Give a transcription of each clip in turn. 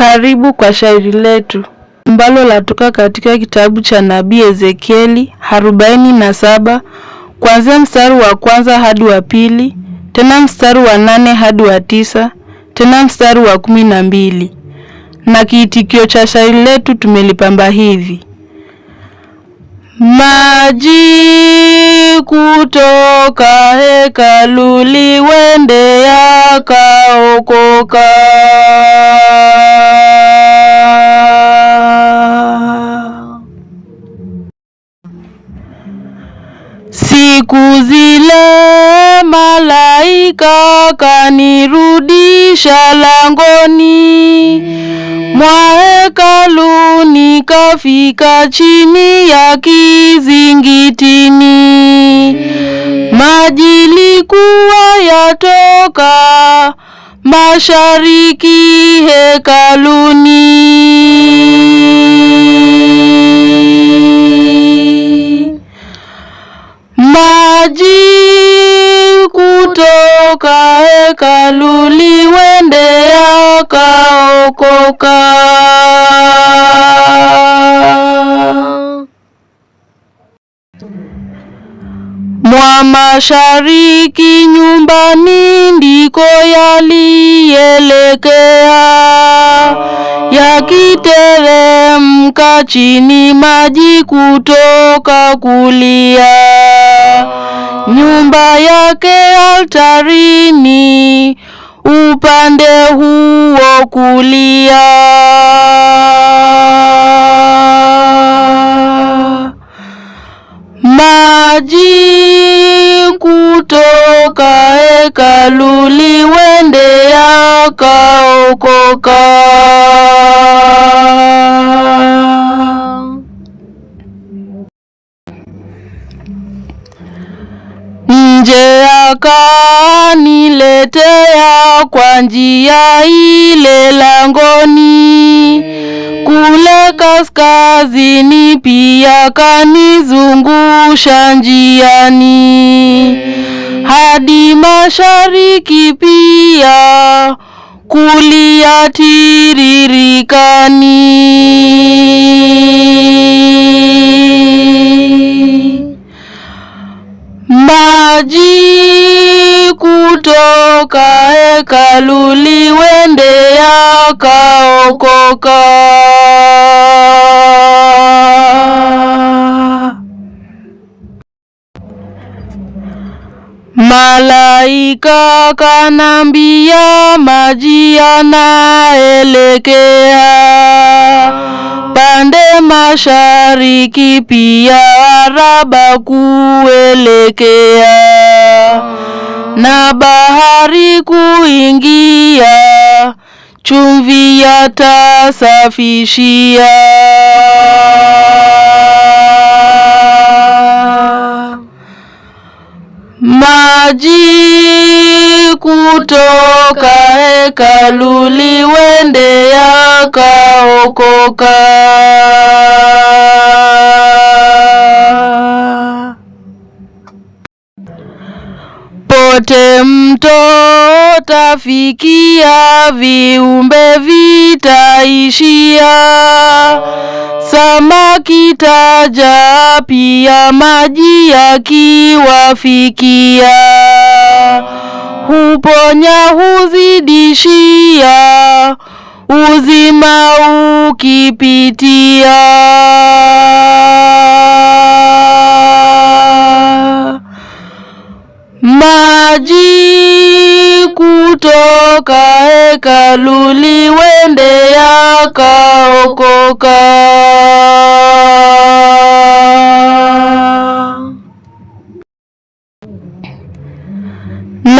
Karibu kwa shairi letu ambalo latoka katika kitabu cha nabii Ezekieli arobaini na saba kuanzia mstari wa kwanza hadi wa pili, tena mstari wa nane hadi wa tisa, tena mstari wa kumi na mbili, na kiitikio cha shairi letu tumelipamba hivi: maji kutoka hekaluni, wende yakaokoka. Siku zile malaika kanirudisha langoni mwa hekalu, nikafika chini ya kizingitini. Maji likuwa yatoka mashariki hekaluni Agano liwende kaokoka. Mwa mashariki nyumbani ndiko yalielekea, yakiteremka chini maji kutoka kulia nyumba yake altarini, upande huo kulia. Maji kutoka hekalu liwende yakaokoka akaniletea kwa njia ile langoni kule kaskazini, pia kanizungusha njiani hadi mashariki, pia kulia tiririkani maji kutoka hekalu liwende yakaokoka. Malaika kanambia maji yanaelekea mashariki pia Araba kuelekea na bahari kuingia, chumvi yatasafishia. Maji kutoka hekaluni wende yakaokoka. popote mto tafikia, viumbe vitaishia. Samaki taja pia maji yakiwafikia. Huponya, huzidishia, uzima ukipitia Maji kutoka hekaluni, wende yakaokoka.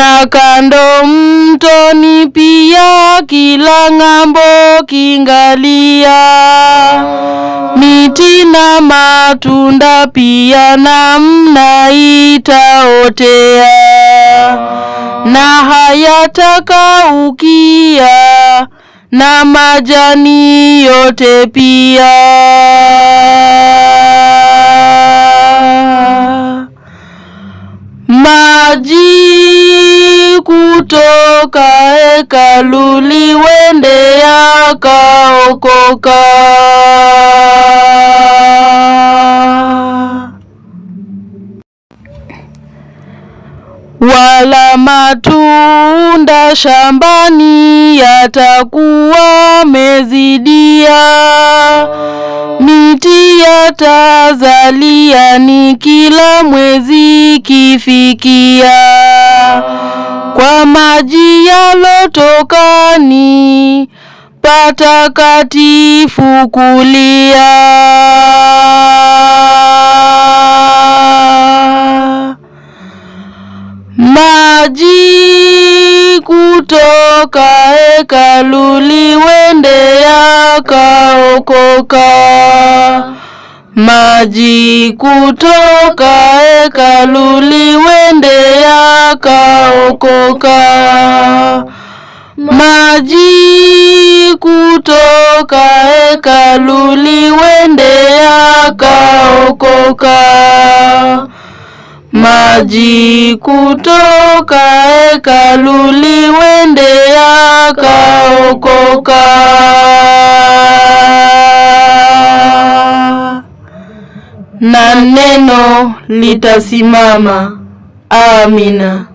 na kando mtoni pia, kila ng'ambo kingalia, miti na matunda pia, namna itaotea na hayatakaukia na majani yote pia. Toka hekalu liwende, akaokoka. Wala matu matunda shambani yatakuwa mezidia, miti yatazalia ni kila mwezi kifikia, kwa maji yalotokani patakatifu kulia maji kutoka hekaluni, wende kaokoka Maji kutoka hekaluni, wende kaokoka Maji kutoka hekaluni, kaokoka yakaokoka maji kutoka hekaluni, wende kaokoka Na neno litasimama. Amina.